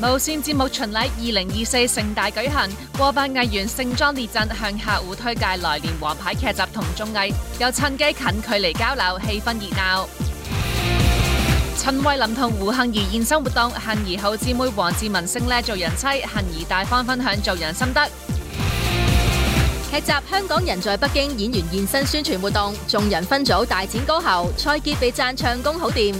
無線節目巡禮二零二四盛大舉行，過百藝員盛裝列陣向客戶推介來年王牌劇集同綜藝，又趁機近距離交流，氣氛熱鬧。陳慧琳同胡杏兒現身活動，杏兒好姊妹黃智雯升呢做人妻，杏兒大方分享做人心得。劇集《香港人在北京》演員現身宣傳活動，眾人分組大展歌喉，蔡潔被讚唱功好掂。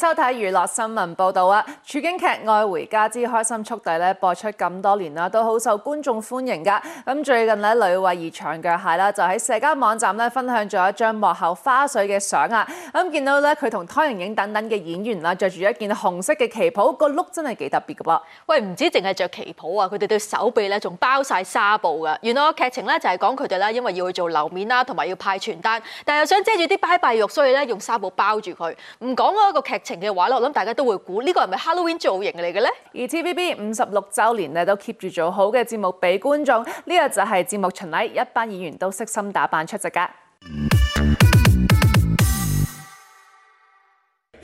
收睇娛樂新聞報道啊！處境劇《愛回家之開心速遞》咧播出咁多年啦，都好受觀眾歡迎噶。咁最近咧，呂慧儀長腳蟹啦，就喺社交網站咧分享咗一張幕後花絮嘅相啊。咁見到咧，佢同湯盈盈等等嘅演員啦，着住一件紅色嘅旗袍，個碌真係幾特別噶噃。喂，唔止淨係着旗袍啊，佢哋對手臂咧仲包晒紗布噶。原來劇情咧就係講佢哋咧，因為要去做樓面啦，同埋要派傳單，但係又想遮住啲拜拜肉，所以咧用紗布包住佢。唔講嗰一個劇情嘅話我諗大家都會估呢個係咪 Halloween 造型嚟嘅呢？而 T V B 五十六週年咧都 keep 住做好嘅節目俾觀眾。呢個就係節目巡禮，一班演員都悉心打扮出席㗎。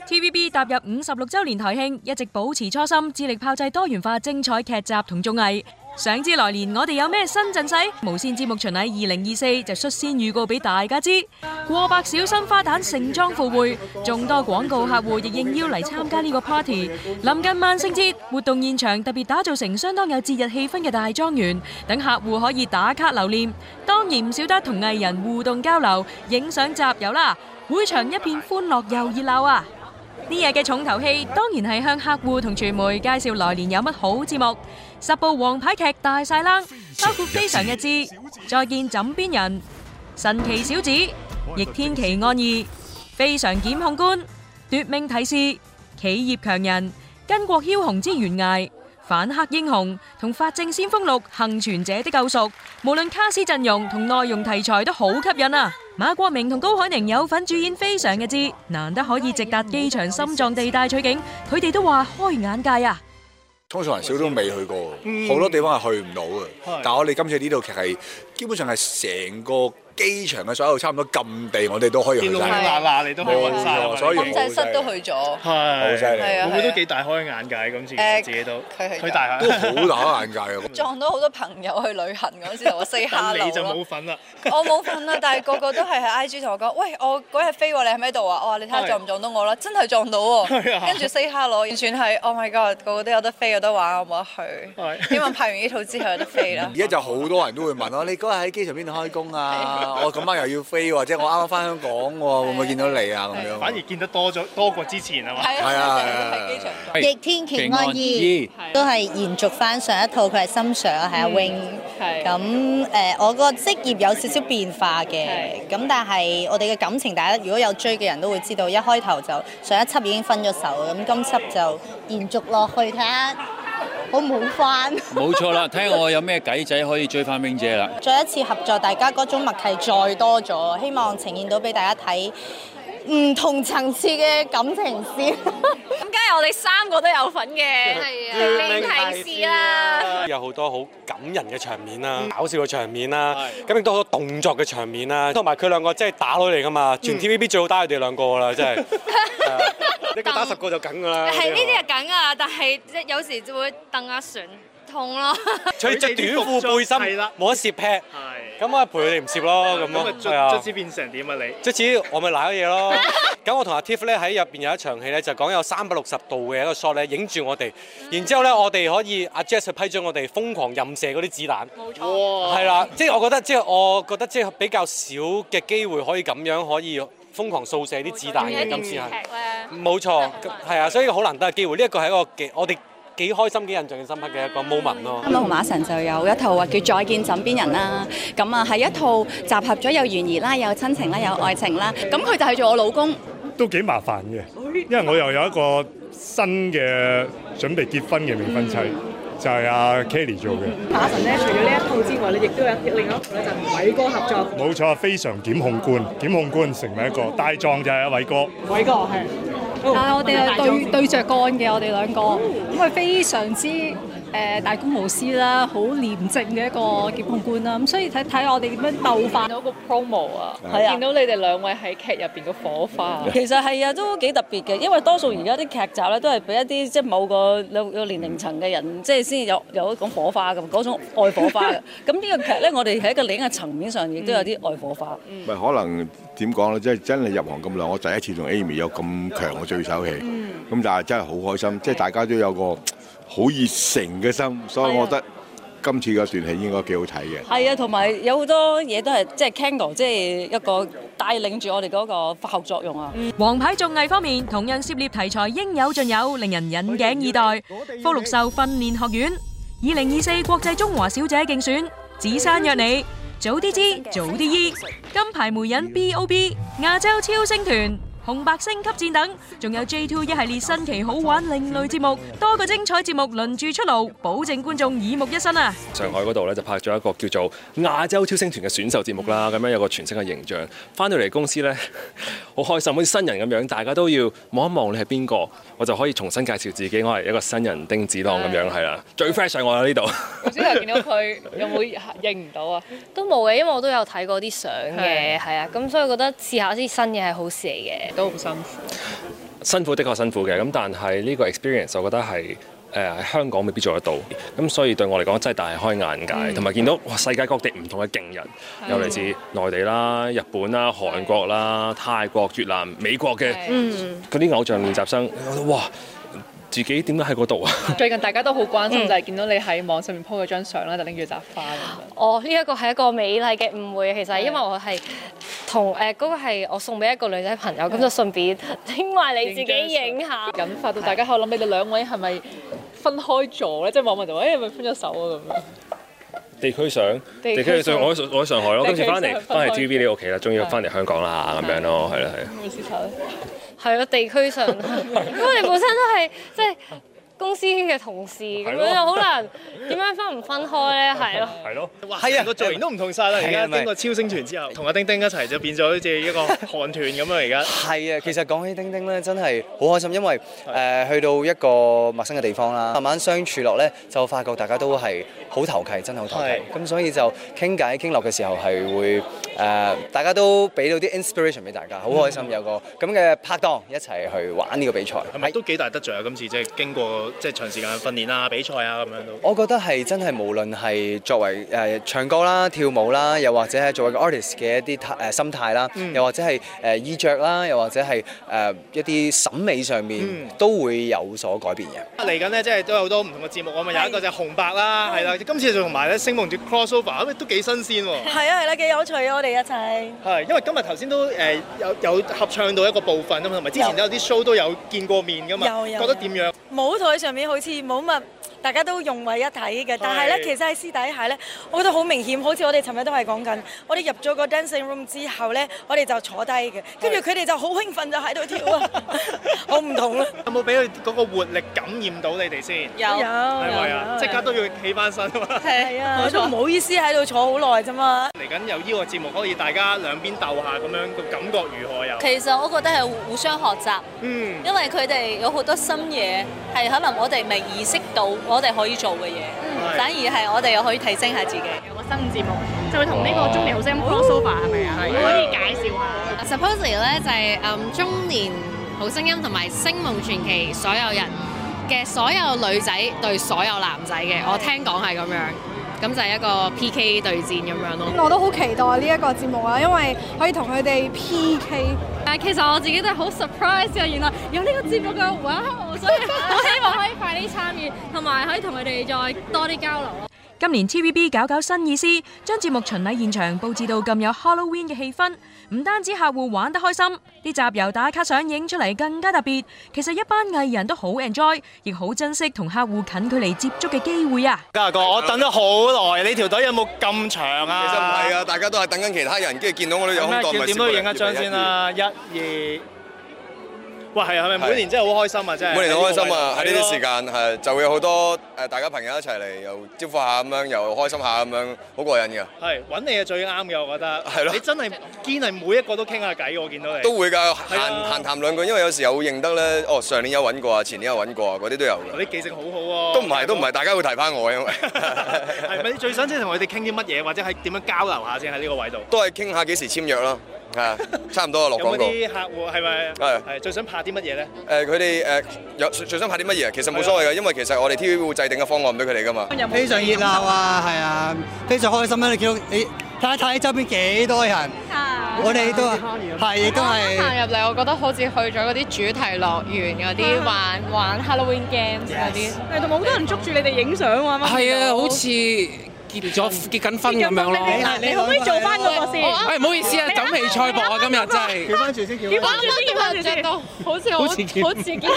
T V B 踏入五十六週年台慶，一直保持初心，致力炮製多元化精彩劇集同綜藝。想知來年我哋有咩新陣勢？無綫節目巡禮二零二四就率先預告俾大家知。過百小生花旦盛裝赴會，眾多廣告客戶亦應邀嚟參加呢個 party。臨近萬聖節，活動現場特別打造成相當有節日氣氛嘅大莊園，等客戶可以打卡留念。當然唔少得同藝人互動交流，影相集郵啦。會場一片歡樂又熱鬧啊！呢日嘅重頭戲當然係向客戶同傳媒介紹來年有乜好節目。十部王牌劇大晒冷，包括《飛常日誌》、《再見枕邊人》、《神奇小子》、《逆天奇案二》、《非常檢控官》、《奪命提示》、《企業強人》、《巾幗梟雄之懸崖》、《反黑英雄》同《法證先鋒六：幸存者的救贖》，無論卡士陣容同內容題材都好吸引啊！馬國明同高海寧有份主演《飛常日誌》，難得可以直達機場心臟地帶取景，佢哋都話開眼界啊！通常人少都未去過，好、嗯、多地方係去唔到嘅。的但係我哋今次呢套劇係基本上係成個。機場嘅所有差唔多禁地，我哋都可以去。鐵你都可以。所以，控制室都去咗。係，好犀利。咁都幾大開眼界咁，自己都。佢係，佢大下。都好大開眼界啊！撞到好多朋友去旅行嗰陣時同我 say hello 啦。我冇份啦，我冇份啦，但係個個都係喺 IG 同我講：喂，我嗰日飛喎，你喺邊度啊？我話你睇下撞唔撞到我啦。真係撞到喎。跟住 say hello，完全係 oh my god，個個都有得飛，有得玩，我冇得去。因為拍完呢套之後有得飛啦。而家就好多人都會問我：你嗰日喺機場邊度開工啊？我今晚又要飛喎，即係我啱啱翻香港喎，會唔會見到你啊？咁樣反而見得多咗，多過之前啊嘛。係啊係啊，逆天奇案二都係延續翻上一套，佢係心想係阿 Wing。咁誒、呃，我個職業有少少變化嘅，咁但係我哋嘅感情，大家如果有追嘅人都會知道，一開頭就上一輯已經分咗手，咁今輯就延續落去睇下。好唔好翻？冇錯啦，睇下我有咩計仔可以追翻冰姐啦！再一次合作，大家嗰種默契再多咗，希望呈現到俾大家睇。唔同層次嘅感情線，咁梗係我哋三個都有份嘅你提示啦。有好多好感人嘅場面啦、啊，嗯、搞笑嘅場面啦、啊，咁亦都好多動作嘅場面啦、啊，同埋佢兩個真係打女嚟㗎嘛，嗯、全 TVB 最好打佢哋兩個啦，真係。你、 uh, 一個打十個就梗㗎啦。係呢啲係梗㗎，但係即係有時就會蹬阿船。痛咯！所以着短褲背心，冇得攝拍。係咁，我陪佢哋唔攝咯。咁樣，係啊。卒子變成點啊？你卒子我咪瀨咗嘢咯。咁我同阿 Tiff 咧喺入邊有一場戲咧，就講有三百六十度嘅一個 shot 咧，影住我哋。然之後咧，我哋可以阿 Jess 批准我哋瘋狂任射嗰啲子彈。冇錯。係啦，即係我覺得，即係我覺得，即係比較少嘅機會可以咁樣可以瘋狂掃射啲子彈嘅今次係冇錯，係啊，所以好難得嘅機會。呢一個係一個我哋。幾開心、幾印象深刻嘅一個 moment 咯。啱啱，馬神就有一套話叫《再見枕邊人》啦。咁啊，係一套集合咗有懸疑啦、有親情啦、有愛情啦。咁佢就係做我老公。都幾麻煩嘅，因為我又有一個新嘅準備結婚嘅未婚妻，就係阿 Kenny 做嘅。馬神咧，除咗呢一套之外，你亦都有另一套咧，就係同偉哥合作。冇錯，非常檢控官，檢控官成為一個大狀就係阿偉哥。偉哥係。但我哋又對對着幹嘅，我哋兩個，咁佢非常之，誒大公無私啦，好廉正嘅一個檢控官啦，咁所以睇睇我哋點樣鬥法到個 promo 啊，見到你哋兩位喺劇入邊嘅火花，其實係啊，都幾特別嘅，因為多數而家啲劇集咧都係俾一啲即係某個有有年齡層嘅人，即係先有有一種火花咁嗰種愛火花嘅。咁呢個劇咧，我哋喺一個另一層面上亦都有啲愛火花。唔係可能點講咧，即係真係入行咁耐，我第一次同 Amy 有咁強嘅對手戲，咁但係真係好開心，即係大家都有個。好熱誠嘅心，所以我覺得今次嘅串戲應該幾好睇嘅。係啊，同埋有好多嘢都係即係 candle 即係一個帶領住我哋嗰個發酵作用啊。王牌綜藝方面，同樣涉獵題材，應有盡有，令人引頸以待。福禄壽訓練學院，2024紅白星級戰等，仲有 J Two 一系列新奇好玩另類節目，多個精彩節目輪住出爐，保證觀眾耳目一新啊！上海嗰度咧就拍咗一個叫做亞洲超星團嘅選秀節目啦，咁、嗯、樣有個全新嘅形象，翻到嚟公司咧好開心，好似新人咁樣，大家都要望一望你係邊個，我就可以重新介紹自己，我係一個新人丁子朗咁樣係啦，的的最 fresh 我喺呢度。我頭先見到佢有冇認唔到啊？ 都冇嘅，因為我都有睇過啲相嘅，係啊的，咁的所以我覺得試下啲新嘢係好事嚟嘅。都好辛苦，辛苦的確辛苦嘅，咁但係呢個 experience 我覺得係誒、呃、香港未必做得到，咁、嗯、所以對我嚟講真係大開眼界，同埋見到哇世界各地唔同嘅勁人，有嚟自內地啦、日本啦、韓國啦、是泰國、越南、美國嘅嗰啲偶像練習生，哇！哇自己點解喺嗰度啊？最近大家都好關心就係、是、見到你喺網上面 po 咗張相啦，就拎住紮花咁樣。哦，呢一個係一個美麗嘅誤會，其實的因為我係同誒嗰、呃嗰個係我送俾一個女仔朋友，咁的就順便拎埋你自己影下。引發到大家可諗的你哋兩位係咪分開咗咧？即的網民就話：誒、哎，係咪分咗手啊？咁樣。地區上，地區上，我喺我喺上海咯，今次翻嚟翻嚟 TVB 啲屋企啦，終於翻嚟香港啦，咁樣咯，係啦，係啊。唔係啊，地區上，咁我哋本身都係即係公司嘅同事，咁樣又好難點樣分唔分開咧？係咯。係咯，係啊，個造型都唔同晒啦，而家經過超星團之後，同阿丁丁一齊就變咗好似一個韓團咁樣，而家。係啊，其實講起丁丁咧，真係好開心，因為誒去到一個陌生嘅地方啦，慢慢相處落咧，就發覺大家都係，好投契，真係好投契。咁是所以就傾偈傾落嘅時候係會誒、呃、大家都俾到啲 inspiration 俾大家，好開心有個咁嘅拍檔一齊去玩呢個比賽，係咪都幾大得著啊？是今次即係經過即係、就是、長時間訓練啦比賽啊咁樣都。我覺得係真係無論係作為誒、呃、唱歌啦、跳舞啦，又或者係作為一個 artist 嘅一啲誒心態啦，、嗯呃、啦，又或者係誒衣着啦，又或者係誒一啲審美上面、嗯、都會有所改變嘅。嚟緊咧，即係都有好多唔同嘅節目，我咪有一個就係是紅白啦，係啦。今次仲同埋咧，聲夢啲 crossover 都幾新鮮喎、啊。係啊，係啦、啊，幾有趣啊！我哋一齊。係，因為今日頭先都誒、呃、有有合唱到一個部分吖嘛，同埋之前都有啲 show 都有見過面噶嘛。有覺得點樣？舞台上面好似冇乜。大家都融為一體嘅，但係咧，其實喺私底下咧，我覺得好明顯，好似我哋尋日都係講緊，我哋入咗個 dancing room 之後咧，我哋就坐低嘅，跟住佢哋就好興奮，就喺度跳啊，好唔同咯。有冇俾佢嗰個活力感染到你哋先？有，係咪啊？即刻都要起返身啊！係啊，我都唔好意思喺度坐好耐啫嘛。嚟緊有呢個節目可以大家兩邊鬥下咁樣，個感覺如何又？其實我覺得係互相學習，嗯，因為佢哋有好多新嘢，係可能我哋未意識到。我哋可以做嘅嘢，嗯、反而係我哋又可以提升下自己。的有個新節目就會同呢個中年好聲音 crossover 係咪啊？ 的我可以介紹下。Supposedly 咧就係誒中年好聲音同埋聲夢傳奇所有人嘅所有女仔對所有男仔嘅，的我聽講係咁樣。咁就係一個 PK 對戰咁樣咯。我都好期待呢一個，個節目啊，因為可以同佢哋 PK 誒，其實我自己都係好 surprise 啊，原來有呢個節目嘅話，所以我希望可以快啲參與，同埋可以同佢哋再多啲交流咯。今年 TVB 搞搞新意思，將節目巡禮現場佈置到咁有 Halloween 嘅氣氛。唔單止客戶玩得開心，啲集郵打卡相影出嚟更加特別。其實一班藝人都好 enjoy，亦好珍惜同客戶近距離接觸嘅機會啊！嘉華哥，我等咗好耐，你條隊有冇咁長啊？其實唔係啊，大家都係等緊其他人，跟住見到我都有空檔，咪先啦，點都要影一張先啦！一二。哇，係咪？每年真係好開心啊，真係。每年都開心啊，喺呢啲時間係就會有好多誒，大家朋友一齊嚟又招呼下咁樣，又開心下咁樣，好過癮嘅。係揾你係最啱嘅，我覺得。係咯。你真係堅係每一個都傾下偈，我見到你。都會㗎，閒閒談兩句，因為有時候會認得咧。哦，上年有揾過啊，前年有揾過啊，嗰啲都有。嗰啲記性好好喎。都唔係，都唔係，大家會提翻我因為。係咪你最想即係同佢哋傾啲乜嘢，或者係點樣交流下先喺呢個位度？都係傾下幾時簽約啦。係， 差唔多有有是是啊！落廣告啲客戶係咪？係係，最想拍啲乜嘢咧？誒、呃，佢哋誒，最、呃、最想拍啲乜嘢其實冇所謂嘅，啊、因為其實我哋 TVB 會制定個方案唔俾佢哋㗎嘛。非常熱鬧啊，係啊，非常開心啦、啊！你見到你睇睇周邊幾多人，啊、我哋都係、啊、都係行入嚟，啊、我覺得好似去咗嗰啲主題樂園嗰啲、啊、玩玩 Halloween games 嗰啲。係同埋好多人捉住你哋影相喎。係啊，好似。結咗結緊婚咁樣咯，你，你可唔可以做翻個先的？哎，唔好意思啊，走戲賽博啊，今日真係。結翻住先，結翻住先，住先多。好似好似好似結。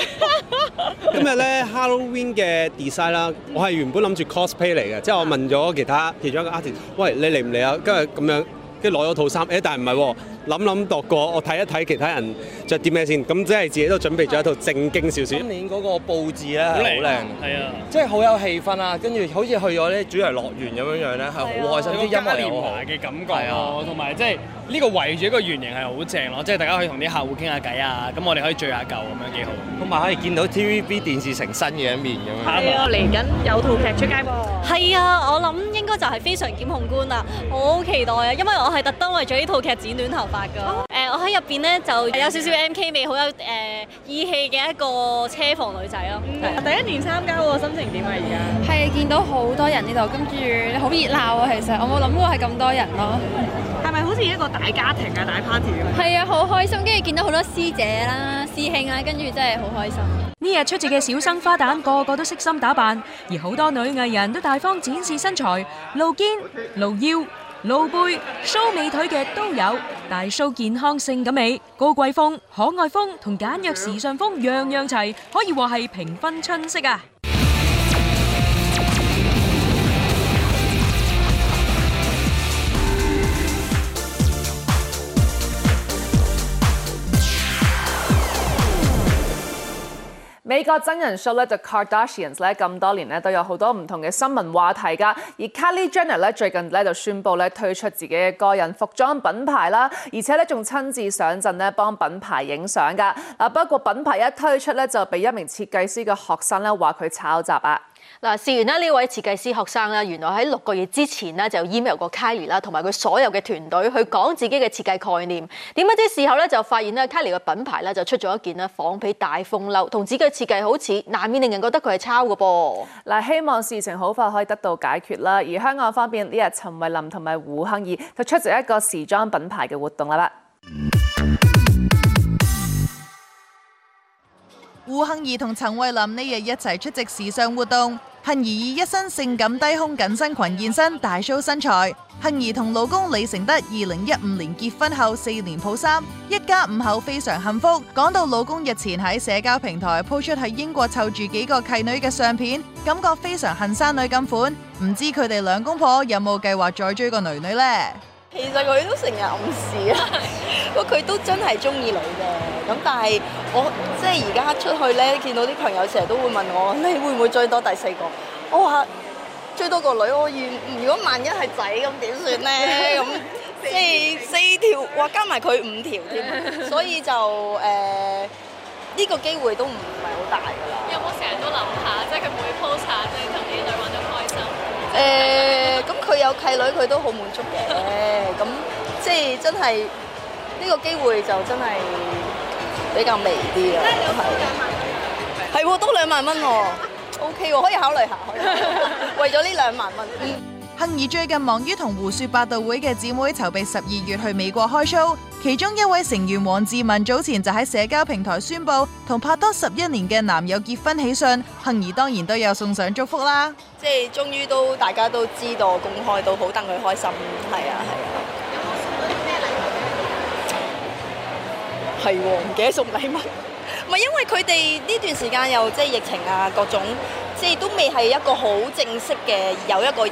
今日咧 Halloween 嘅 design 啦，我係原本諗住 cosplay 嚟嘅，即係我問咗其他其中一個 artist，喂，你嚟唔嚟啊？今日咁樣，跟住攞咗套衫，誒、哎，但係唔係喎。諗諗度過，我睇一睇其他人着啲咩先，咁即係自己都準備咗一套正經少少。今年嗰個佈置咧係好靚，係啊，即係好有氣氛啊。跟住好似去咗啲主題樂園咁樣樣咧，係好開心啲、啊、音樂嘅感覺，同埋即係呢個圍住一個圓形係好正咯。即係、啊就是、大家可以同啲客戶傾下偈啊，咁我哋可以聚下舊咁樣幾好，同埋可以見到 TVB 電視城新嘅一面咁樣。係啊，嚟緊有套劇出街喎。係啊，我諗應該就係《非常檢控官》啦，好期待啊，因為我係特登為咗呢套劇剪短頭。八噶誒，我喺入邊咧就有少少 MK 味，好有誒義氣嘅一個車房女仔咯。係我第一年參加喎，心情點啊而家？係見到好多人呢度，跟住好熱鬧喎。其實我冇諗過係咁多人咯。係咪好似一個大家庭啊？大 party 咁？係啊，好開心！跟住見到好多師姐啦、師兄啦，跟住真係好開心。呢日出席嘅小生花旦個個都悉心打扮，而好多女藝人都大方展示身材，露肩露腰。露背、梳美腿嘅都有，大梳健康性感美，高貴風、可愛風同簡約時尚風樣樣齊，可以話係平分春色啊！美國真人 show The Kardashians 呢，咁多年呢都有好多唔同嘅新聞話題㗎。而 Kylie Jenner 呢最近呢，就宣布呢推出自己嘅個人服裝品牌啦，而且呢，仲親自上陣呢幫品牌影相㗎。嗱不過品牌一推出呢，就被一名設計師嘅學生呢話佢抄襲啊。嗱，試完啦呢位設計師學生啦，原來喺六個月之前咧就 email 過 Kylie 啦，同埋佢所有嘅團隊去講自己嘅設計概念。點解，知事後咧就發現咧 Kylie 嘅品牌咧就出咗一件呢仿皮大風褸，同自己嘅設計好似，難免令人覺得佢係抄嘅噃。嗱，希望事情好快可以得到解決啦。而香港方面呢日，陳慧琳同埋胡杏兒就出席一個時裝品牌嘅活動啦。胡杏兒同陳慧琳呢日一齊出席時尚活動，杏兒以一身性感低胸緊身裙現身，大 show 身材。杏兒同老公李承德二零一五年結婚後四年抱三，一家五口非常幸福。講到老公日前喺社交平台 po 出喺英國湊住幾個契女嘅相片，感覺非常恨生女咁款。唔知佢哋兩公婆有冇計劃再追個女女呢？其實佢都成日暗示啦，不過佢都真係中意女嘅。咁但係我即係而家出去咧，見到啲朋友成日都會問我，你會唔會追多第四個？我話追多個女，我願。如果萬一係仔咁點算咧？咁即係四條，哇，加埋佢五條添，所以就誒呢個機會都唔係好大噶啦。有冇成日都諗下，即係佢會 po 晒，即係同啲女玩得開？誒咁佢有契女，佢都好滿足嘅。咁即係真係呢、呢個機會就真係比較微啲啦。係，係喎，都兩萬蚊喎，哦， ，OK 喎，哦，可以考慮下。可以考慮下 為咗呢兩萬蚊。嗯。杏兒最近忙於同胡說八道會嘅姊妹籌備十二月去美國開 show，其中一位成員王志文，早前就喺社交平台宣布同拍拖十一年嘅男友結婚喜訊，杏兒當然都有送上祝福啦。即係終於都大家都知道公開到好，等佢開心。係啊係啊。啊有冇送多啲咩禮物咧？係喎，唔記得送禮物。唔 係因為佢哋呢段時間又即係疫情啊，各種即係都未係一個好正式嘅有一個。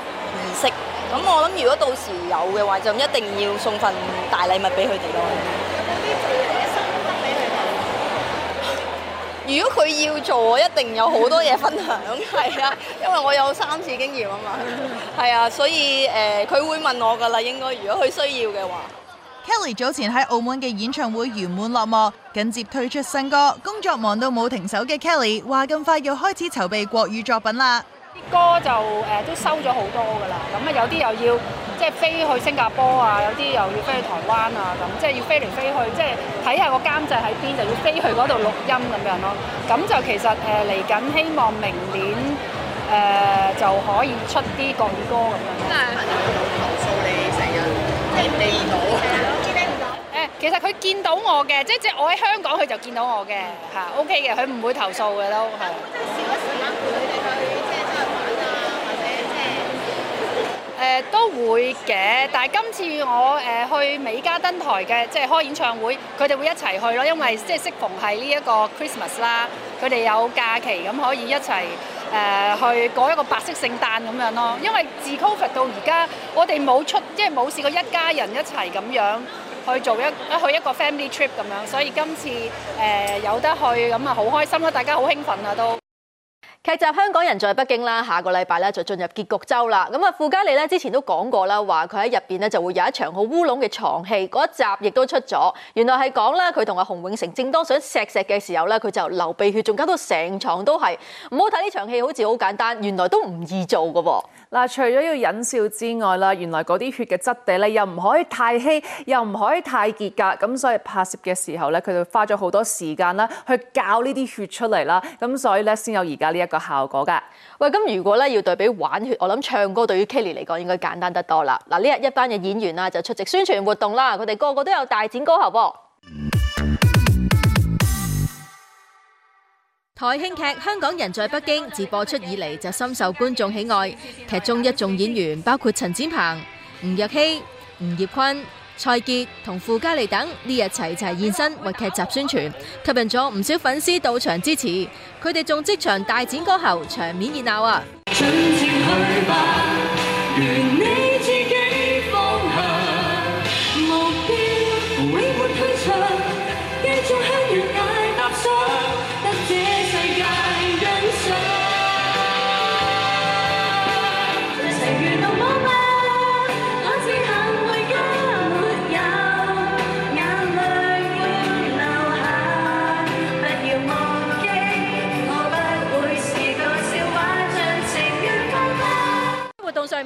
咁我諗，如果到時有嘅話，就一定要送份大禮物俾佢哋咯。如果佢要做，一定有好多嘢分享，係啊，因為我有三次經驗啊嘛，係啊，所以誒，佢、呃、會問我㗎啦。應該，如果佢需要嘅話。Kelly 早前喺澳門嘅演唱會圓滿落幕，緊接推出新歌，工作忙到冇停手嘅 Kelly 話，咁快要開始籌備國語作品啦。歌就誒都收咗好多噶啦，咁啊有啲又要即係飛去新加坡啊，有啲又要飛去台灣啊，咁即係要飛嚟飛去，即係睇下個監製喺邊，就要飛去嗰度錄音咁樣咯。咁就其實誒嚟緊，希望明年誒就可以出啲國語歌咁樣。真係朋友會投訴你成日見你唔到。係啊，我見你唔到。誒，其實佢見到我嘅，即係我喺香港，佢就見到我嘅，嚇，OK 嘅，佢唔會投訴嘅都係。即係笑一笑啦，佢哋。誒、呃、都會嘅，但係今次我誒、呃、去美加登台嘅，即係開演唱會，佢哋會一齊去咯，因為即係適逢係呢一個 Christmas 啦，佢哋有假期咁可以一齊誒、呃、去過一個白色聖誕咁樣咯。因為自 COVID 到而家，我哋冇出，即係冇試過一家人一齊咁樣去做一去一個 family trip 咁樣，所以今次誒、呃、有得去咁啊，好開心啦，大家好興奮啊都。劇集《香港人在北京》啦，下個禮拜咧就進入結局週啦。咁啊，傅嘉莉咧之前都講過啦，話佢喺入邊咧就會有一場好烏龍嘅床戲，嗰一集亦都出咗。原來係講咧佢同阿洪永城正當想錫錫嘅時候咧，佢就流鼻血，仲搞到成床都係。唔好睇呢場戲好似好簡單，原來都唔易做噶喎。嗱，除咗要忍笑之外啦，原來嗰啲血嘅質地咧又唔可以太稀，又唔可以太結噶。咁所以拍攝嘅時候咧，佢就花咗好多時間啦，去教呢啲血出嚟啦。咁所以咧先有而家呢一個效果噶喂，咁如果咧要對比玩血，我諗唱歌對於 Kelly 嚟講應該簡單得多啦。嗱，呢日一班嘅演員啦就出席宣傳活動啦，佢哋個個都有大展歌喉噃。台慶劇《香港人在北京》自播出以嚟就深受觀眾喜愛，劇中一眾演員包括陳展鵬、吳若希、吳業坤。蔡潔同傅嘉莉等呢日齊齊現身，為劇集宣傳，吸引咗唔少粉絲到場支持。佢哋仲即場大展歌喉，場面熱鬧啊！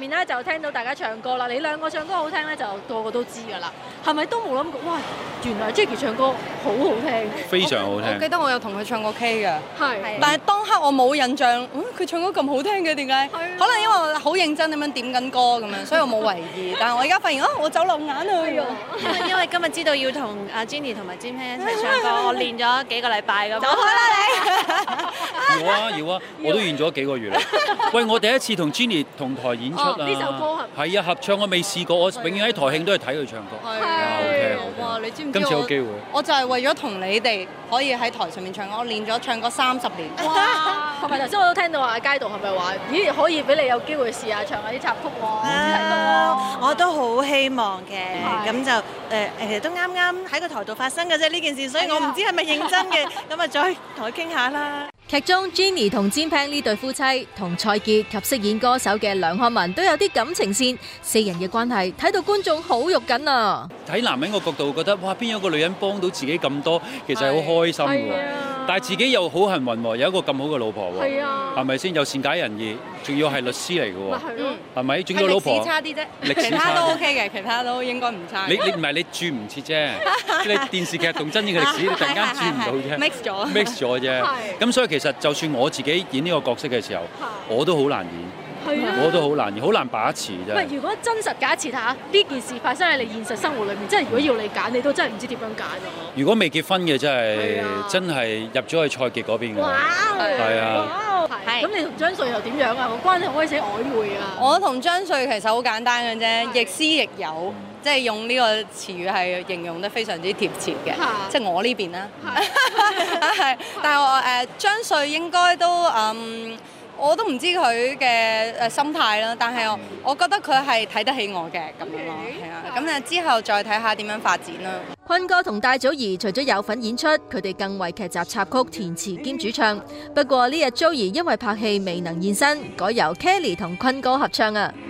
咧，就聽到大家唱歌啦，你兩個唱歌好聽咧，就個個都知噶啦，係咪都冇諗過？哇，原來 Jackie 唱歌。好好聽，非常好聽。我記得我有同佢唱過 K 嘅，係，但係當刻我冇印象，佢唱歌咁好聽嘅，點解？可能因為我好認真咁樣點緊歌咁樣，所以我冇留意。但係我而家發現，哦，我走漏眼啊！因為今日知道要同阿 Jenny 同埋 Jammy 一齊唱歌，我練咗幾個禮拜咁，走開啦你！有啊有啊，我都練咗幾個月啦。喂，我第一次同 Jenny 同台演出啊，呢首歌？係啊，合唱我未試過，我永遠喺台慶都係睇佢唱歌。哦、你知，唔知我今次有機會，我，我就係為咗同你哋可以喺台上面唱歌，我練咗唱歌三十年。哇！頭先 我都聽到話，阿街導係咪話咦可以俾你有機會試下唱下啲插曲喎？啊！我都好希望嘅，咁是就誒誒，其、呃、實、呃、都啱啱喺個台度發生嘅啫呢件事，所以我唔知係咪認真嘅，咁啊 再同佢傾下啦。劇中 Jenny 同尖平呢對夫妻，同蔡潔及飾演歌手嘅梁漢文都有啲感情線，四人嘅關係睇到觀眾好肉緊啊！睇男人個角度，覺得哇，邊有個女人幫到自己咁多，其實係好開心嘅。但係自己又好幸運喎，有一個咁好嘅老婆喎，係咪先？又善解人意，仲要係律師嚟嘅喎，係咪？轉個老婆差啲啫，歷史都 OK 嘅，其他都應該唔差。你你唔係你轉唔切啫，你電視劇同真嘅歷史你突然間轉唔到啫，mix 咗，mix 咗啫。咁所以其實就算我自己演呢個角色嘅時候，我都好難演。我都好難，好難把持啫。唔如果真實假設下，呢件事發生喺你現實生活裏面，即係如果要你揀，你都真係唔知點樣揀。如果未結婚嘅真係真係入咗去蔡傑嗰邊啊，咁你同張瑞又點樣啊？個關係開始曖昧啊？我同張瑞其實好簡單嘅啫，亦師亦友，即係用呢個詞語係形容得非常之貼切嘅。即係我呢邊啦。係，但係我誒張瑞應該都嗯。我都唔知佢嘅誒心態啦，但係我，我覺得佢係睇得起我嘅咁樣咯，係啊。咁啊之後再睇下點樣發展啦。坤哥同戴祖兒除咗有份演出，佢哋更為劇集插曲填詞兼主唱。不過呢日祖兒因為拍戲未能現身，改由 Kelly 同坤哥合唱啊。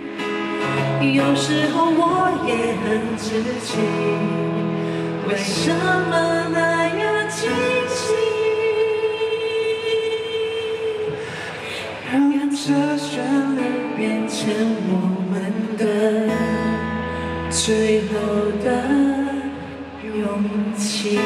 讓這旋律變成我們的最後的勇氣。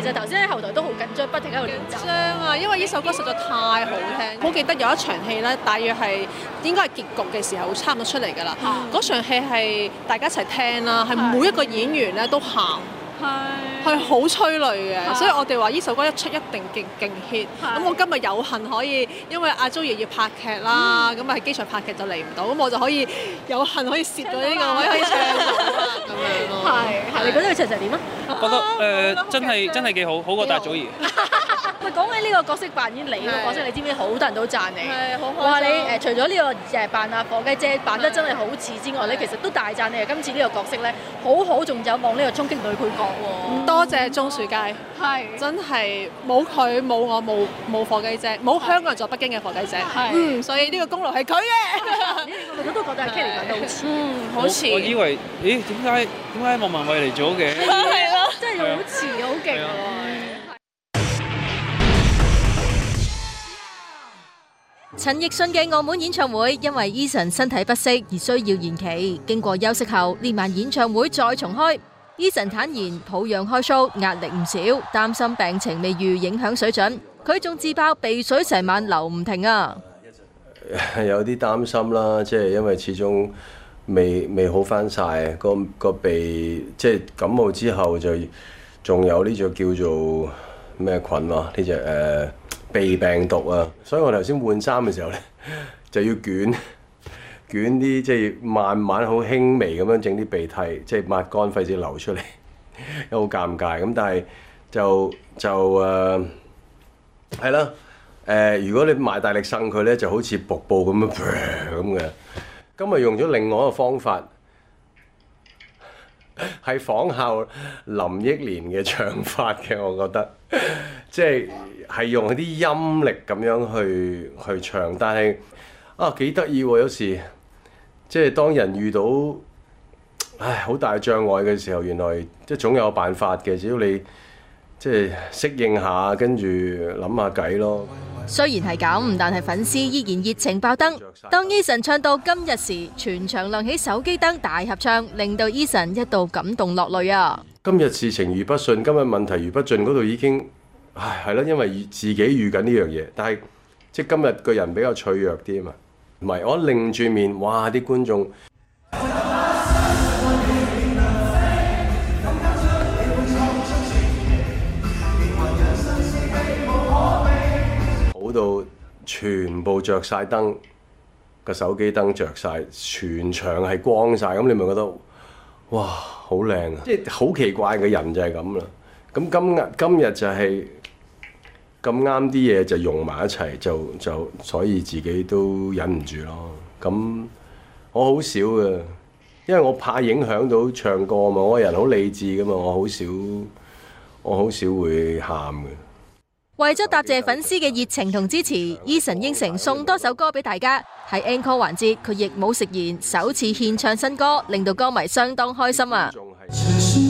其實頭先喺後台都好緊張，不停喺度練習啊，因為呢首歌實在太好聽。 我記得有一場戲呢，大約係應該係結局嘅時候，差唔多出嚟噶啦。嗰 場戲係大家一齊聽啦，係每一個演員咧都喊。係，係好催淚嘅，是的 所以我哋話呢首歌一出一定勁勁 hit。咁是的 我今日有幸可以，因為阿祖兒要拍劇啦，咁啊喺機場拍劇就嚟唔到，咁我就可以有幸可以蝕到呢個位可，可以唱。咁樣係，你覺得佢唱成點啊？覺得誒，真係是真係幾好，好過大祖兒。挺好 會講起呢個角色扮演，你呢個角色你知唔知好多人都讚你？唉，好好棚？我話你除咗呢個扮阿火雞姐扮得真係好似之外呢，你其實都大讚你嘅今次呢個角色呢，好好，仲有望呢個衝擊女配角喎，唔多謝鍾樹佳？陳奕迅嘅澳門演唱會因為 Eason 身體不適而需要延期。經過休息後呢晚演唱會再重開。Eason 坦言，抱恙開 show，壓力唔少，擔心病情未愈影響水準。佢仲自爆鼻水成晚流唔停啊！有啲擔心啦，即係因為始終未未好翻晒，個個鼻即係感冒之後就仲有呢隻叫做咩菌啊？呢隻誒。鼻病毒啊，所以我頭先換衫嘅時候咧，就要捲捲啲，即係慢慢好輕微咁樣整啲鼻涕，即係抹乾，費事流出嚟，因為好尷尬。咁但係就就誒係啦，誒如果你埋大力生佢咧，就好似瀑布咁樣咁嘅。今日用咗另外一個方法，係仿效林憶蓮嘅唱法嘅，我覺得即係。係用啲音力咁樣去去唱，但係啊幾得意喎！有時即係當人遇到唉好大障礙嘅時候，原來即係總有辦法嘅，只要你即係適應下，跟住諗下計咯。雖然係咁，但係粉絲依然熱情爆燈。當 Eason 唱到今日時，全場亮起手機燈，大合唱令到 Eason 一度感動落淚啊！今日事情如不順，今日問題如不盡，嗰度已經。唉，係咯，因為自己預緊呢樣嘢，但係即係今日個人比較脆弱啲啊嘛，唔係我擰住面，哇啲觀眾好 到全部着晒燈，個手機燈着晒，全場係光晒。咁你咪覺得哇好靚啊！即係好奇怪嘅人就係咁啦，咁今日，今日就係、是。咁啱啲嘢就融埋一齊，就就所以自己都忍唔住咯。咁我好少嘅，因為我怕影響到唱歌嘛。我人好理智噶嘛，我好少我好少會喊嘅。為咗答謝粉絲嘅熱情同支持 ，Eason 應承送多首歌俾大家。喺 Encore 環節，佢亦冇食言，首次獻唱新歌，令到歌迷相當開心啊！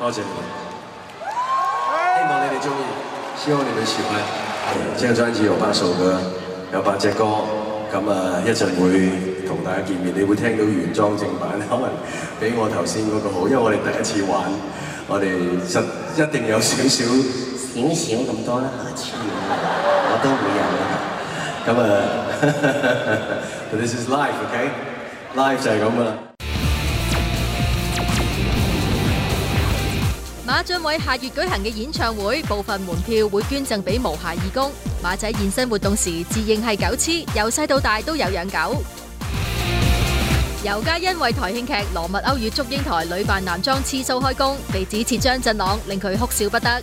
多謝，希望你嘅，祝你，希望你們喜歡。呢個專輯有八首歌，有八隻歌，咁啊，一陣會同大家見面，你會聽到原裝正版，可能比我頭先嗰個好，因為我哋第一次玩，我哋一定有少少，少少許咁多啦。下次我都會有，咁啊 ，This is live，OK，live、okay? live 就係噉啊。馬俊偉下月舉行嘅演唱會，部分門票會捐贈俾無暇義工。馬仔現身活動時自認係狗痴，由細到大都有養狗。 尤佳欣為台慶劇《羅密歐與祝英台》女扮男裝黐鬚開工，被指似張振朗，令佢哭笑不得。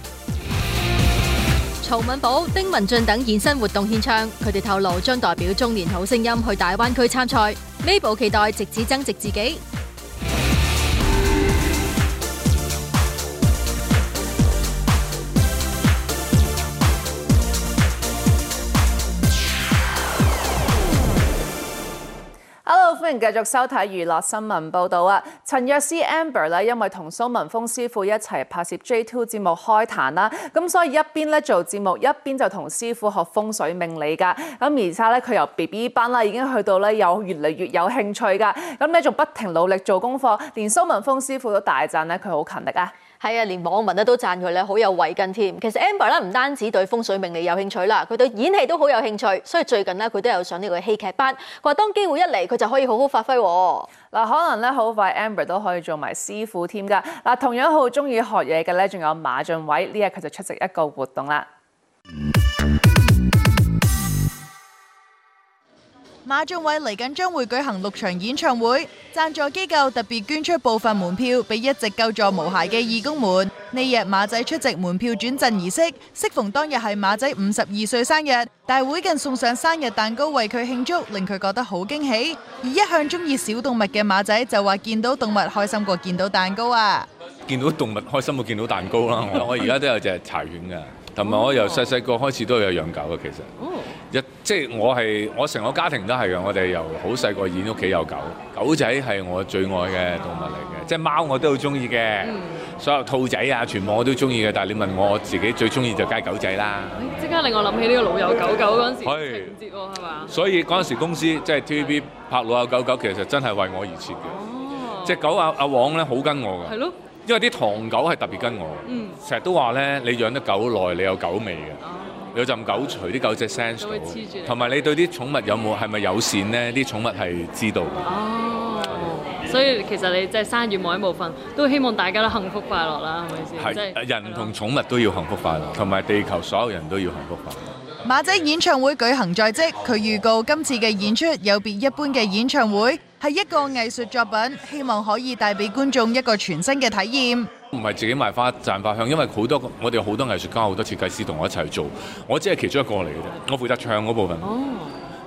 曹敏寶、丁文俊等現身活動獻唱，佢哋透露將代表《中年好聲音》去大灣區參賽。Mabel 期待直指增值自己。歡迎繼續收睇娛樂新聞報道啊！陳若思 Amber 咧，因為同蘇文峰師傅一齊拍攝 J2 節目開壇啦，咁所以一邊咧做節目，一邊就同師傅學風水命理噶。咁而家咧，佢由 BB 班啦，已經去到咧有越嚟越有興趣噶。咁咧，仲不停努力做功課，連蘇文峰師傅都大讚咧，佢好勤力啊！係啊，連網民咧都讚佢咧好有慧根添。其實 Amber 咧唔單止對風水命理有興趣啦，佢對演戲都好有興趣，所以最近咧佢都有上呢個戲劇班。佢話當機會一嚟，佢就可以好好發揮喎。嗱、呃，可能咧好快 Amber 都可以做埋師傅添㗎。嗱、呃，同樣好中意學嘢嘅咧，仲有馬俊偉，呢日佢就出席一個活動啦。馬俊偉嚟緊將會舉行六場演唱會，贊助機構特別捐出部分門票俾一直救助毛孩嘅義工們。呢日馬仔出席門票轉贈儀式，適逢當日係馬仔五十二歲生日，大會更送上生日蛋糕為佢慶祝，令佢覺得好驚喜。而一向中意小動物嘅馬仔就話見到動物開心過見到蛋糕啊！見到動物開心過見到蛋糕啦！ 我而家都有隻柴犬噶。同埋我由細細個開始都有養狗嘅，其實、哦、一即係我係我成個家庭都係嘅。我哋由好細個已經屋企有狗，狗仔係我最愛嘅動物嚟嘅。即係貓我都好中意嘅，所有兔仔啊，全部我都中意嘅。但係你問我，自己最中意就梗係狗仔啦。即、欸、刻令我諗起呢個老友狗狗嗰陣時節喎，係嘛是？吧所以嗰陣時公司即係 TVB 拍老友狗狗，其實真係為我而設嘅。隻、哦、狗阿阿黃咧，好跟我㗎。因為啲唐狗係特別跟我，成日、嗯、都話咧，你養得狗耐，你有狗味嘅，哦、有陣狗除，啲狗隻 sense 到同埋你，你對啲寵物有冇係咪友善呢？啲寵物係知道嘅。哦，嗯、所以其實你即係生願望一，某一某部分，都希望大家都幸福快樂啦。係是，就是、人同寵物都要幸福快樂，同埋、嗯、地球所有人都要幸福快樂。馬仔演唱會舉行在即，佢預告今次嘅演出有別一般嘅演唱會。係一個藝術作品，希望可以帶俾觀眾一個全新嘅體驗。唔係自己賣花讚花香，因為好多我哋好多藝術家、好多設計師同我一齊做，我只係其中一個嚟嘅啫。我負責唱嗰部分，哦、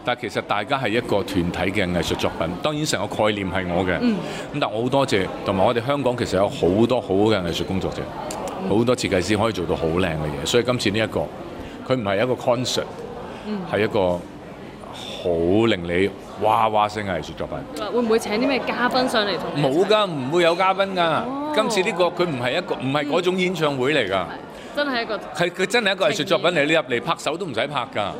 但其實大家係一個團體嘅藝術作品。當然成個概念係我嘅，咁、嗯、但我好多謝同埋我哋香港其實有好多好嘅藝術工作者，好、嗯、多設計師可以做到好靚嘅嘢。所以今次呢、呢個、一個 cert、嗯，佢唔係一個 concert，係一個好令你。話話聲藝術作品，會唔會請啲咩嘉賓上嚟？冇㗎，唔會有嘉賓㗎。今次呢個佢唔係一個，唔係嗰種演唱會嚟㗎。真係一個，佢佢真係一個藝術作品嚟。你入嚟拍手都唔使拍㗎，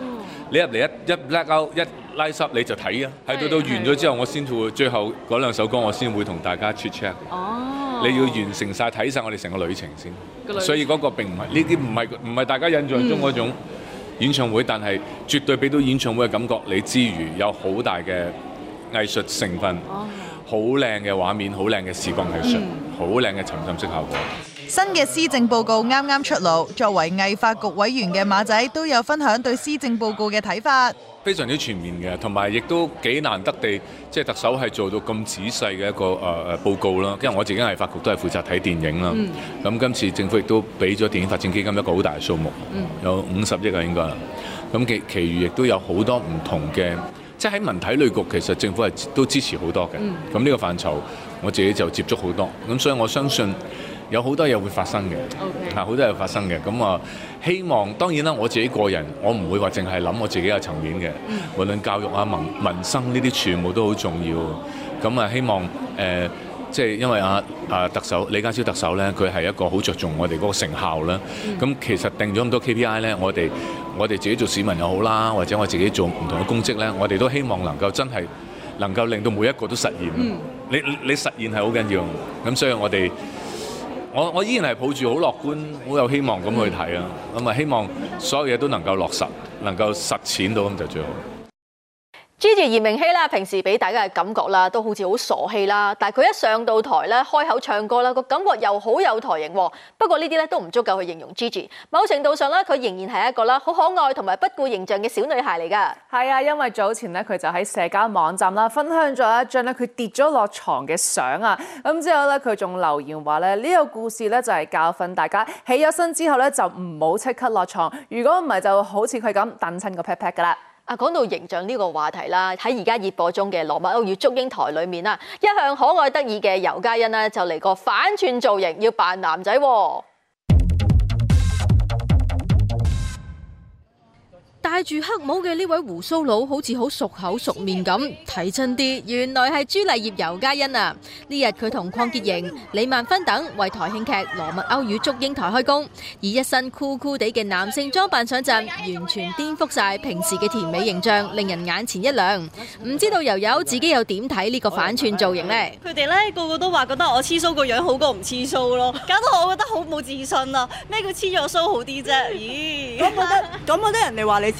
你入嚟一一拉勾一拉濕你就睇啊。係到到完咗之後，我先會最後嗰兩首歌，我先會同大家出唱。哦，你要完成晒睇晒我哋成個旅程先，所以嗰個並唔係呢啲唔係唔係大家印象中嗰種。演唱會，但係絕對俾到演唱會嘅感覺。你之餘有好大嘅藝術成分，好靚嘅畫面，好靚嘅視覺藝術，好靚嘅沉浸式效果。嗯、新嘅施政報告啱啱出爐，作為藝發局委員嘅馬仔都有分享對施政報告嘅睇法。非常之全面嘅，同埋亦都幾難得地，即、就、係、是、特首係做到咁仔細嘅一個誒誒、呃、報告啦。因為我自己係法局，都係負責睇電影啦。咁今、嗯、次政府亦都俾咗電影發展基金一個好大嘅數目，嗯、有五十億啊應該，咁其其餘亦都有好多唔同嘅，即係喺文體類局，其實政府係都支持好多嘅。咁呢、嗯、個範疇我自己就接觸好多。咁所以我相信。有好多嘢會發生嘅，係好 Okay. 多嘢發生嘅。咁、嗯、啊，希望當然啦，我自己個人，我唔會話淨係諗我自己嘅層面嘅。Mm. 無論教育啊、民民生呢啲，全部都好重要。咁、嗯、啊，希望誒、呃，即係因為啊啊特首李家超特首咧，佢係一個好着重我哋嗰個成效啦。咁、mm. 嗯、其實定咗咁多 KPI 咧，我哋我哋自己做市民又好啦，或者我自己做唔同嘅公職咧，我哋都希望能夠真係能夠令到每一個都實現、mm.。你你實現係好緊要。咁所以我哋。我我依然係抱住好樂觀，好有希望咁去睇啊！咁啊、嗯，希望所有嘢都能夠落實，能夠實踐到咁就最好。Gigi 炎明熹啦，平時俾大家嘅感覺啦，都好似好傻氣啦。但係佢一上到台咧，開口唱歌啦，個感覺又好有台型喎。不過呢啲咧都唔足夠去形容 Gigi。某程度上咧，佢仍然係一個啦，好可愛同埋不顧形象嘅小女孩嚟㗎。係啊，因為早前咧，佢就喺社交網站啦分享咗一張咧佢跌咗落床嘅相啊。咁之後咧，佢仲留言話咧呢個故事咧就係、是、教訓大家起咗身之後咧就唔好即刻落床。如果唔係就好似佢咁等親個 pat pat 㗎啦。啊，講到形象呢個話題啦，喺而家熱播中嘅《羅密歐與祝英台》裏面啦，一向可愛得意嘅尤嘉欣啦，就嚟個反串造型，要扮男仔喎。戴住黑帽嘅呢位鬍鬚佬好似好熟口熟面咁，睇真啲，原來係朱麗葉尤嘉欣啊！呢日佢同鄺潔瑩、李萬芬等為台慶劇《羅密歐與祝英台》開工，以一身酷酷地嘅男性裝扮上陣，完全顛覆晒平時嘅甜美形象，令人眼前一亮。唔知道柔柔自己又點睇呢個反串造型呢？佢哋呢個個都話覺得我黐鬚個樣好過唔黐鬚咯，搞到我覺得好冇自信啊！咩叫黐咗鬚好啲啫？咦？ 咁覺得咁覺得人哋話你？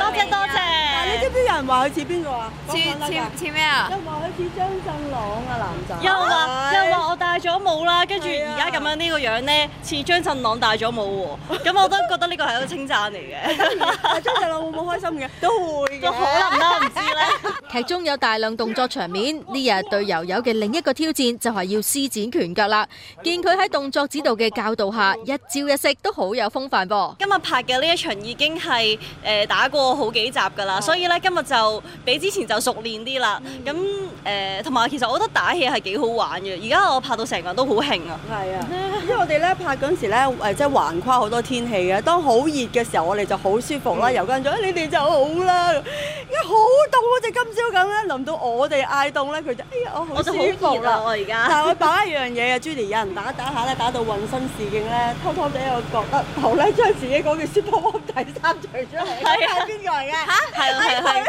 多謝多謝。你知唔知有人話佢似邊個啊？似似似咩啊？又話佢似張振朗啊。男仔。又話又話，對我戴咗帽啦，跟住而家咁樣呢個樣咧，似張振朗戴咗帽喎。咁 我都覺得呢個係一個稱讚嚟嘅。 張振朗會唔會開心嘅？ 都會嘅，都可能啦，唔 知咧。劇中有大量動作場面，呢日對遊遊嘅另一個挑戰就係要施展拳腳啦。見佢喺動作指導嘅教導下，一招一式都好有風範噃。今日拍嘅呢一場已經係誒、呃、打過。好幾集噶啦，哦、所以咧今日就比之前就熟練啲啦。咁誒、嗯，同埋、呃、其實我覺得打戲係幾好玩嘅。而家我拍到成日都好興啊，係啊，因為我哋咧拍嗰時咧誒、呃，即係橫跨好多天氣嘅。當好熱嘅時候，我哋就，、嗯、就好舒服啦。遊慣咗，你哋就好啦。好凍嗰只今朝咁咧，輪到我哋嗌凍咧，佢就哎呀我好舒服啦我而家，但係我打一樣嘢啊，Judy 有人打打下咧，打到渾身是勁咧，偷偷地又覺得好咧將自己嗰件雪崩衫除咗，係邊個嚟嘅？嚇係係係。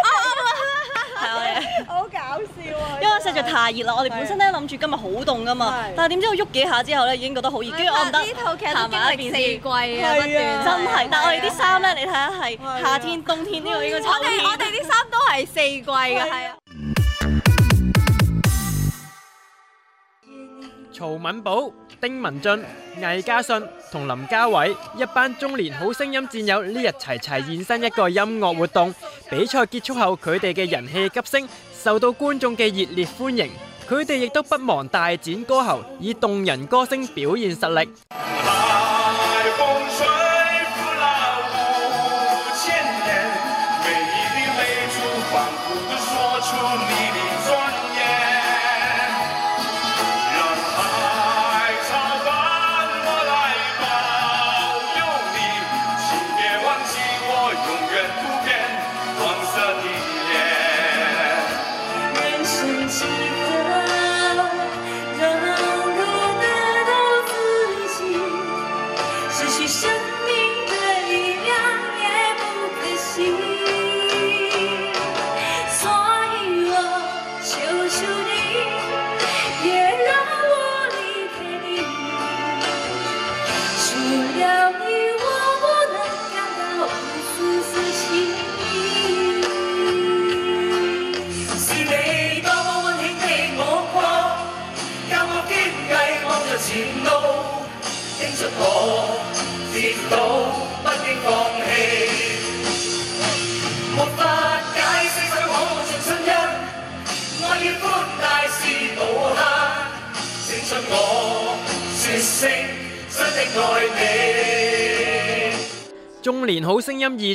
係啊！好搞笑啊！因為實在太熱啦，我哋本身咧諗住今日好凍噶嘛，但係點知我喐幾下之後咧已經覺得好熱，跟住我唔得，呢套劇係咪？四季啊，真係！但係我哋啲衫咧，你睇下係夏天、冬天呢個應該秋天。我哋我哋啲衫都係四季㗎！係啊！曹敏寶、丁文俊、魏家信同林嘉偉一班中年好聲音戰友呢日齊齊現身一個音樂活動。比賽結束後，佢哋嘅人氣急升，受到觀眾嘅熱烈歡迎。佢哋亦都不忘大展歌喉，以動人歌聲表現實力。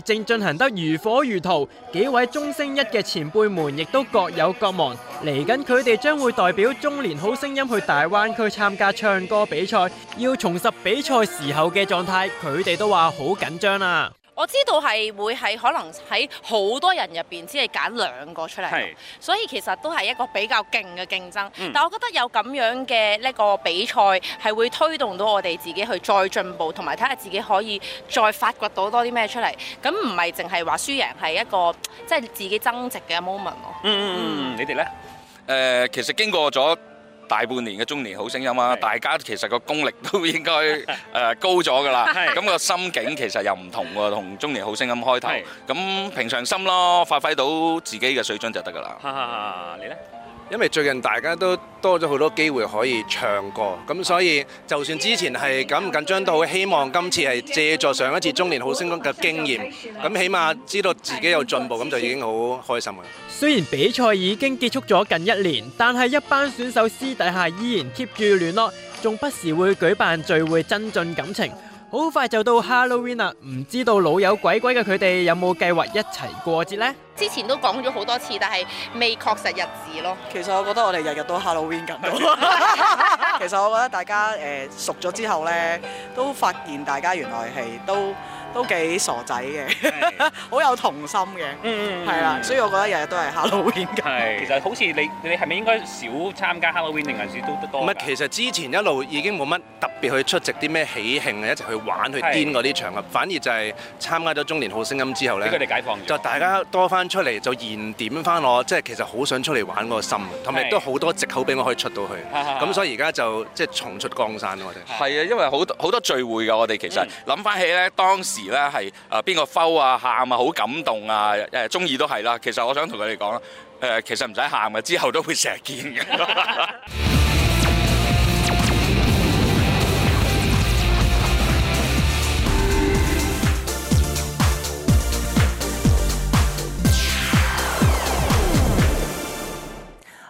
正進行得如火如荼，幾位中聲一嘅前輩們亦都各有各忙。嚟緊佢哋將會代表中年好聲音去大灣區參加唱歌比賽，要重拾比賽時候嘅狀態。佢哋都話好緊張啊！我知道係會係可能喺好多人入邊只係揀兩個出嚟，是所以其實都係一個比較勁嘅競爭。嗯、但我覺得有咁樣嘅呢個比賽，係會推動到我哋自己去再進步，同埋睇下自己可以再發掘到多啲咩出嚟。咁唔係淨係話輸贏，係一個即係自己增值嘅 moment 咯。嗯嗯，嗯，嗯你哋呢？誒、呃，其實經過咗大半年嘅中年好聲音啦，是大家其實個功力都應該誒、 呃、高咗噶啦，咁 個心境其實又唔同喎，同中年好聲音開頭，咁是平常心咯，發揮到自己嘅水準就得噶啦。 你呢？因為最近大家都多咗好多機會可以唱歌，咁所以就算之前係緊唔緊張都好，希望今次係借助上一次中年好聲音嘅經驗，咁起碼知道自己有進步，咁就已經好開心嘅。雖然比賽已經結束咗近一年，但係一班選手私底下依然 keep 住聯絡，仲不時會舉辦聚會增進感情。好快就到 Halloween 啦，唔知道老友鬼鬼嘅佢哋有冇計劃一齊過節呢？之前都講咗好多次，但係未確實日子咯。其實我覺得我哋日日都 Halloween 緊咯。 其實我覺得大家誒、呃、熟咗之後呢，都發現大家原來係都。都幾傻仔嘅，好有童心嘅，嗯係啦，所以我覺得日日都係 Halloween。係，其實好似你你係咪應該少參加 Halloween 定還是都得多？唔係，其實之前一路已經冇乜特別去出席啲咩喜慶啊，一齊去玩去癲嗰啲場合，反而就係參加咗中年好聲音之後咧，佢哋解放咗，就大家多翻出嚟就燃點翻我，即係其實好想出嚟玩嗰個心，同埋都好多藉口俾我可以出到去。咁所以而家就即係重出江山。我哋係啊，因為好多好多聚會噶，我哋其實諗翻起咧當時。而咧係 f 邊個摟啊，喊啊好感動啊，誒鍾意都係啦，其實我想同佢哋講誒，其實唔使喊啊，之後都會成日見嘅。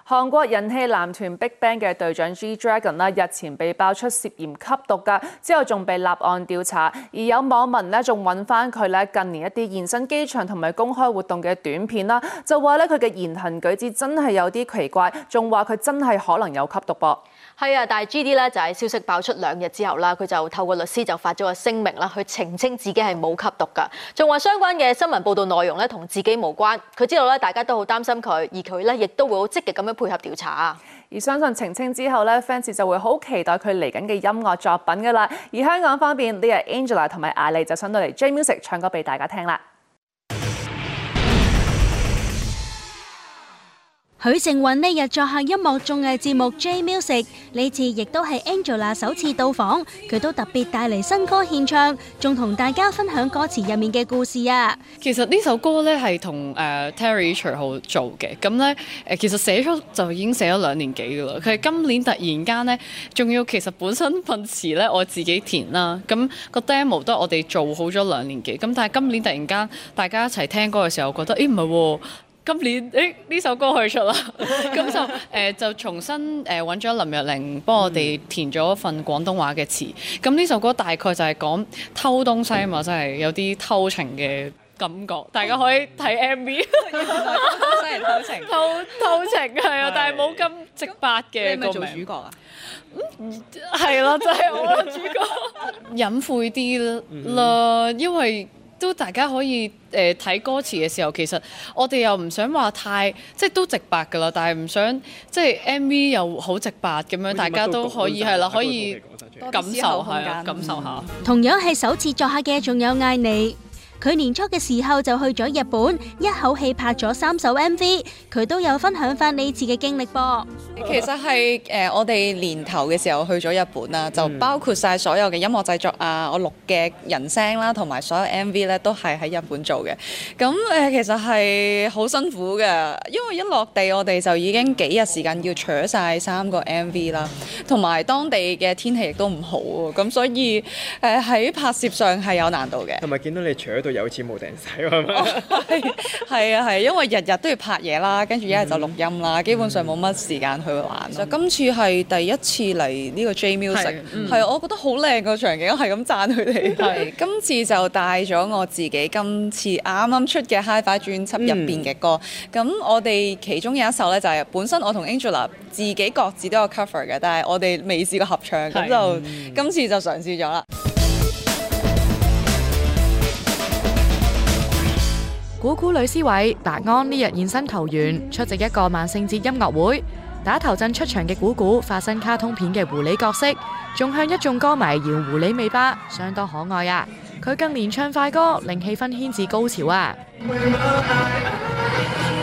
韓國人氣男團 BigBang 嘅隊長 G Dragon 啦，日前被爆出涉嫌吸毒嘅，之後仲被立案調查。而有網民咧仲揾翻佢咧近年一啲現身機場同埋公開活動嘅短片啦，就話咧佢嘅言行舉止真係有啲奇怪，仲話佢真係可能有吸毒噃。係啊，但係 GD 咧就喺消息爆出兩日之後啦，佢就透過律師就發咗個聲明啦，去澄清自己係冇吸毒噶，仲話相關嘅新聞報道內容咧同自己無關。佢知道咧大家都好擔心佢，而佢咧亦都會好積極咁樣配合調查啊。而相信澄清之後咧，fans 就會好期待佢嚟緊嘅音樂作品噶啦。而香港方面，呢日 Angela 同埋艾莉就上到嚟 J Music 唱歌俾大家聽啦。許靖韻呢日作客音樂綜藝節目 J Music，呢次亦都係 Angela 首次到訪，佢都特別帶嚟新歌獻唱，仲同大家分享歌詞入面嘅故事啊！其實呢首歌咧係同 Terry 徐浩做嘅，咁咧誒其實寫出就已經寫咗兩年幾噶啦，佢係今年突然間呢，仲要其實本身份詞咧我自己填啦，咁個 demo 都係我哋做好咗兩年幾，咁但係今年突然間大家一齊聽歌嘅時候，我覺得誒唔係喎。欸今年誒呢、欸、首歌可以出啦，咁 就誒、呃、就重新誒揾咗林若寧幫我哋填咗一份廣東話嘅詞。咁呢、嗯、首歌大概就係講偷東西嘛，真係、嗯、有啲偷情嘅感覺。情大家可以睇 MV 偷。偷情？偷情係啊， 但係冇咁直白嘅。你係咪做主角啊？嗯，係咯，就係、是、我咯，主角隱晦啲啦，因為。都大家可以誒睇、呃、歌詞嘅時候，其實我哋又唔想話太即係都直白㗎啦，但係唔想即係 MV 又好直白咁樣，大家都可以係啦，可以感受係感受下。同樣係首次作客嘅，仲有艾妮。佢年初嘅時候就去咗日本，一口氣拍咗三首 MV，佢都有分享翻呢次嘅經歷噃。其實係誒、呃，我哋年頭嘅時候去咗日本啦，就包括晒所有嘅音樂製作啊，我錄嘅人聲啦，同、啊、埋所有 MV 咧都係喺日本做嘅。咁、啊、誒，其實係好辛苦嘅，因為一落地我哋就已經幾日時間要撮晒三個 MV 啦、啊，同埋當地嘅天氣亦都唔好喎。咁、啊、所以誒喺、啊、拍攝上係有難度嘅。同埋見到你撮。都有錢冇定使，係啊，係 啊樂、哦，因為日日都要拍嘢啦，跟住一日就錄音啦，嗯、基本上冇乜時間去玩。就、嗯、今次係第一次嚟呢個 J Music，係、嗯、我覺得好靚個場景，係咁讚佢哋。今次就帶咗我自己今次啱啱出嘅 HiFi 專輯入邊嘅歌。咁、嗯、我哋其中有一首呢，就係本身我同 Angela 自己各自都有 cover 嘅，但係我哋未試過合唱，咁是就今次就嘗試咗啦。古古女思維白安呢日現身桃園出席一個萬聖節音樂會，打頭陣出場嘅古古化身卡通片嘅狐狸角色，仲向一眾歌迷搖狐狸尾巴，相當可愛啊！佢更連唱快歌，令氣氛掀至高潮啊！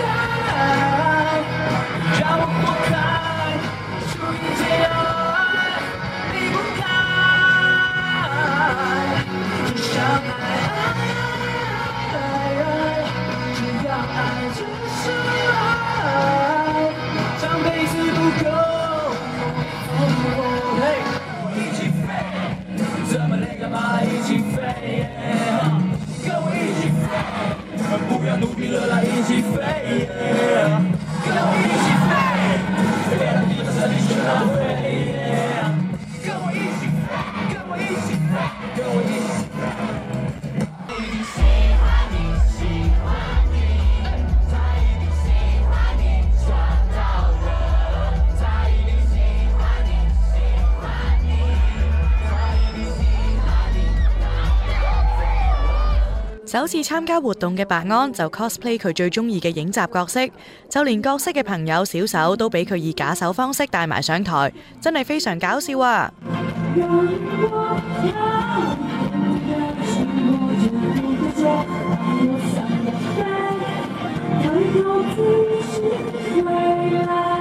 首次參加活動嘅白安就 cosplay 佢最中意嘅影集角色，就連角色嘅朋友小手都俾佢以假手方式帶埋上台，真係非常搞笑啊！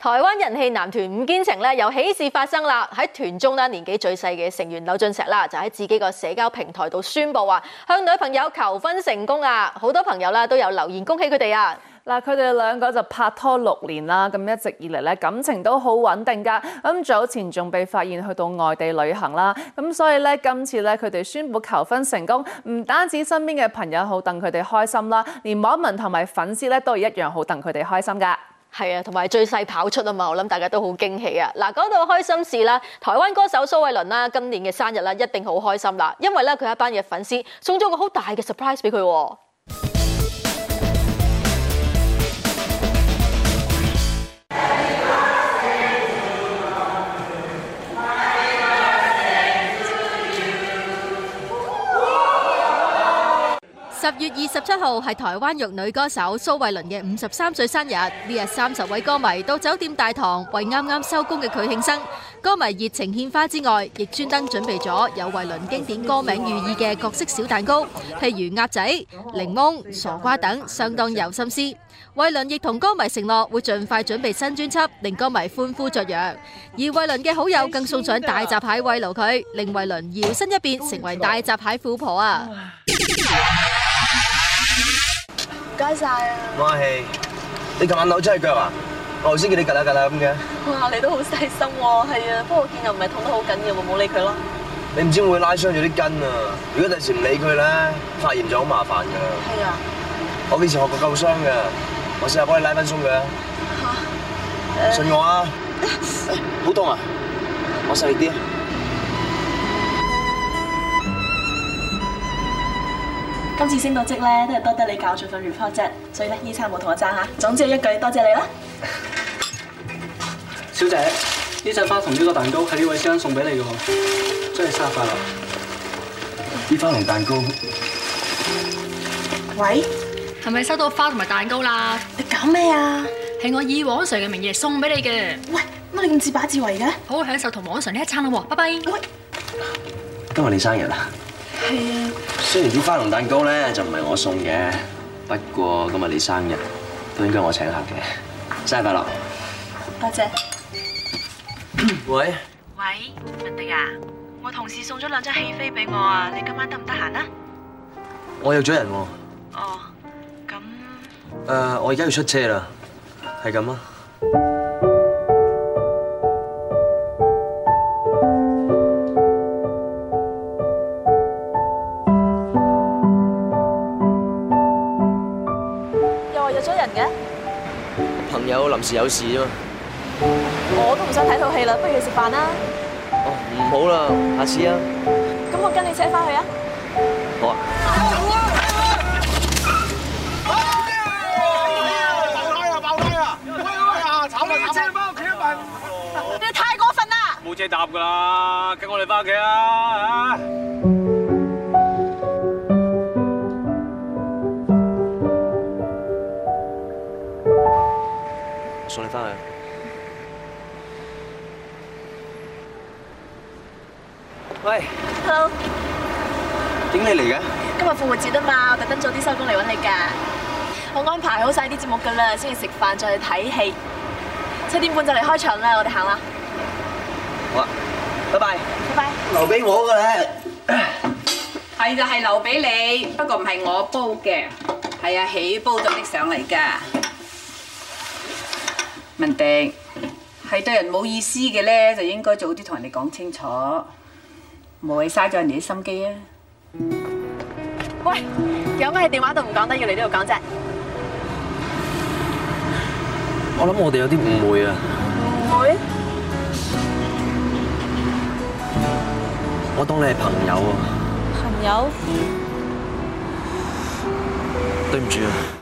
台灣人氣男團五堅情咧有喜事發生啦！喺團中咧年紀最細嘅成員婁峻碩啦，就喺自己個社交平台度宣布話向女朋友求婚成功啊！好多朋友啦都有留言恭喜佢哋啊！嗱，佢哋兩個就拍拖六年啦，咁一直以嚟咧感情都好穩定噶。咁早前仲被發現去到外地旅行啦，咁所以咧今次咧佢哋宣布求婚成功，唔單止身邊嘅朋友好戥佢哋開心啦，連網民同埋粉絲咧都一樣好戥佢哋開心噶。係啊，同埋最細跑出啊嘛，我諗大家都好驚喜啊！嗱，講到開心事啦，台灣歌手蘇慧倫啦，今年嘅生日啦，一定好開心啦，因為咧佢一班嘅粉絲送咗個好大嘅 surprise 俾佢喎。十月二十七號係台灣玉女歌手蘇慧倫嘅五十三歲生日，呢日三十位歌迷到酒店大堂為啱啱收工嘅佢慶生。歌迷熱情獻花之外，亦專登準備咗有慧倫經典歌名寓意嘅各式小蛋糕，譬如鴨仔、檸檬、傻瓜等，相當有心思。慧倫亦同歌迷承諾會盡快準備新專輯，令歌迷歡呼雀躍。而慧倫嘅好友更送上大閘蟹慰勞佢，令慧倫搖身一變成為大閘蟹富婆啊！唔該曬啊！唔係你琴晚扭親隻腳啊，我頭先見你趌下趌下咁嘅。哇，你都好細心喎，係啊，不過我見又唔係痛得好緊要，我冇理佢啦。你唔知會拉傷咗啲筋啊，如果第時唔理佢咧，發炎就好麻煩㗎。係啊，我幾時學過救傷嘅？我試下幫你拉翻鬆嘅。嚇！信我啊！好痛啊！我細力啲。今次升到職咧，都係多得你教咗份 report 啫，所以咧，呢餐冇同我爭吓。總之係一句多謝你啦，小姐。呢隻花同呢個蛋糕係呢位先生送俾你嘅，真係沙發啦。呢花同蛋糕。喂，係咪收到花同埋蛋糕啦？你搞咩啊？係我以王 Sir 嘅名義送俾你嘅。喂，乜你咁自把自為嘅？好，好享受同王 Sir 呢一餐啦，拜拜。喂，今日你生日啊！係是啊，雖然啲花龍蛋糕咧就唔係我送嘅，不過今日你生日都應該我請客嘅。生日快樂，多謝 謝。喂。喂，文迪啊，我同事送咗兩張戲飛俾我啊，你今晚得唔得閒啊？Oh, 那 uh, 我約咗人。哦，咁。誒，我而家要出車啦，係咁啊。臨時有事啫嘛，我都唔想睇套戲啦，不如去食飯啦。哦，唔好啦，下次啊。咁我跟你車翻去啊。好啊呀。走啊！走一啊、哎！爆胎啊！爆胎啊！喂喂啊！炒啦！你車翻屋企啊？你太過分啦！冇車搭噶啦，跟我哋翻屋企啊！啊！喂，Hello，點你嚟嘅？今日復活節啊嘛，我特登早啲收工嚟揾你噶。我安排好晒啲節目噶啦，先至食飯再去睇戲。七點半就嚟開場啦，我哋行啦。好啊，拜拜，拜拜。留俾我嘅咧，係就係留俾你，不過唔係我煲嘅，係阿喜煲咗啲上嚟噶。文迪係對人冇意思嘅咧，就應該早啲同人哋講清楚，唔好去嘥咗人哋啲心機啊！喂，有咩電話都唔講得，要嚟呢度講啫？我諗我哋有啲誤會啊！誤會？我當你係朋友啊！朋友？對唔住啊！